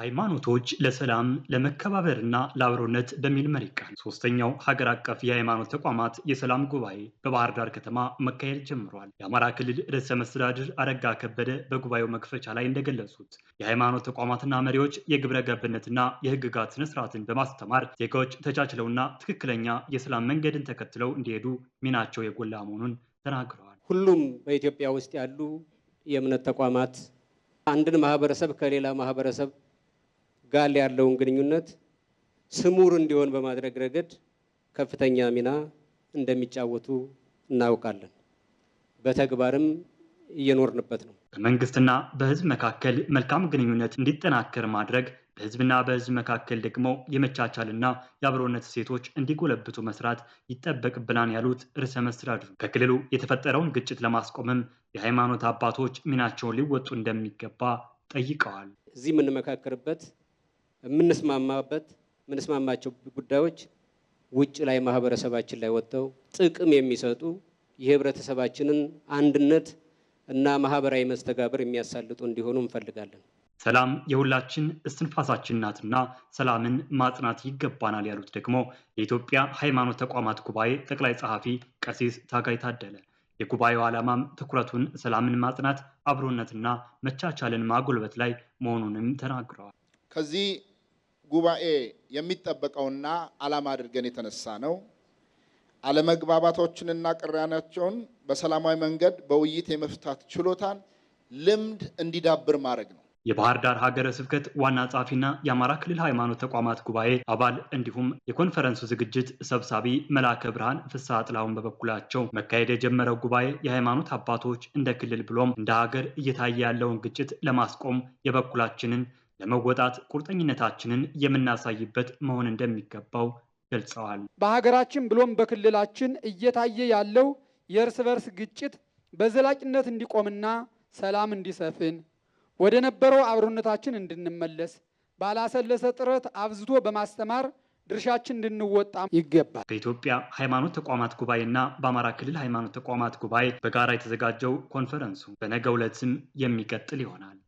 ሃይማኖቶች ለሰላም ለመከባበርና ለአብሮነት በሚል መሪ ቃል ሶስተኛው ሀገር አቀፍ የሃይማኖት ተቋማት የሰላም ጉባኤ በባህር ዳር ከተማ መካሄድ ጀምሯል። የአማራ ክልል ርዕሰ መስተዳድር አረጋ ከበደ በጉባኤው መክፈቻ ላይ እንደገለጹት የሃይማኖት ተቋማትና መሪዎች የግብረ ገብነትና የህግጋት ስነስርዓትን በማስተማር ዜጋዎች ተቻችለውና ትክክለኛ የሰላም መንገድን ተከትለው እንዲሄዱ ሚናቸው የጎላ መሆኑን ተናግረዋል። ሁሉም በኢትዮጵያ ውስጥ ያሉ የእምነት ተቋማት አንድን ማህበረሰብ ከሌላ ማህበረሰብ ጋል ያለውን ግንኙነት ስሙር እንዲሆን በማድረግ ረገድ ከፍተኛ ሚና እንደሚጫወቱ እናውቃለን። በተግባርም እየኖርንበት ነው። በመንግስትና በህዝብ መካከል መልካም ግንኙነት እንዲጠናከር ማድረግ በህዝብና በህዝብ መካከል ደግሞ የመቻቻልና የአብሮነት እሴቶች እንዲጎለብቱ መስራት ይጠበቅብናል ያሉት ርዕሰ መስተዳድሩ ከክልሉ የተፈጠረውን ግጭት ለማስቆምም የሃይማኖት አባቶች ሚናቸውን ሊወጡ እንደሚገባ ጠይቀዋል። እዚህ የምንመካከርበት የምንስማማበት የምንስማማቸው ጉዳዮች ውጭ ላይ ማህበረሰባችን ላይ ወጥተው ጥቅም የሚሰጡ የህብረተሰባችንን አንድነት እና ማህበራዊ መስተጋብር የሚያሳልጡ እንዲሆኑ እንፈልጋለን። ሰላም የሁላችን እስትንፋሳችን ናትና ሰላምን ማጽናት ይገባናል ያሉት ደግሞ የኢትዮጵያ ሃይማኖት ተቋማት ጉባኤ ጠቅላይ ጸሐፊ ቀሲስ ታጋይ ታደለ የጉባኤው ዓላማም ትኩረቱን ሰላምን ማጽናት፣ አብሮነትና መቻቻልን ማጎልበት ላይ መሆኑንም ተናግረዋል። ከዚህ ጉባኤ የሚጠበቀውና ዓላማ አድርገን የተነሳ ነው። አለመግባባቶችንና ቅራኔያቸውን በሰላማዊ መንገድ በውይይት የመፍታት ችሎታን ልምድ እንዲዳብር ማድረግ ነው። የባህር ዳር ሀገረ ስብከት ዋና ጸሐፊና የአማራ ክልል ሃይማኖት ተቋማት ጉባኤ አባል እንዲሁም የኮንፈረንሱ ዝግጅት ሰብሳቢ መላከ ብርሃን ፍስሐ ጥላሁን በበኩላቸው መካሄድ የጀመረው ጉባኤ የሃይማኖት አባቶች እንደ ክልል ብሎም እንደ ሀገር እየታየ ያለውን ግጭት ለማስቆም የበኩላችንን ለመወጣት ቁርጠኝነታችንን የምናሳይበት መሆን እንደሚገባው ገልጸዋል። በሀገራችን ብሎም በክልላችን እየታየ ያለው የእርስ በርስ ግጭት በዘላቂነት እንዲቆምና ሰላም እንዲሰፍን ወደ ነበረው አብሮነታችን እንድንመለስ ባላሰለሰ ጥረት አብዝቶ በማስተማር ድርሻችን እንድንወጣ ይገባል። በኢትዮጵያ ሃይማኖት ተቋማት ጉባኤና በአማራ ክልል ሃይማኖት ተቋማት ጉባኤ በጋራ የተዘጋጀው ኮንፈረንሱ በነገ ዕለትም የሚቀጥል ይሆናል።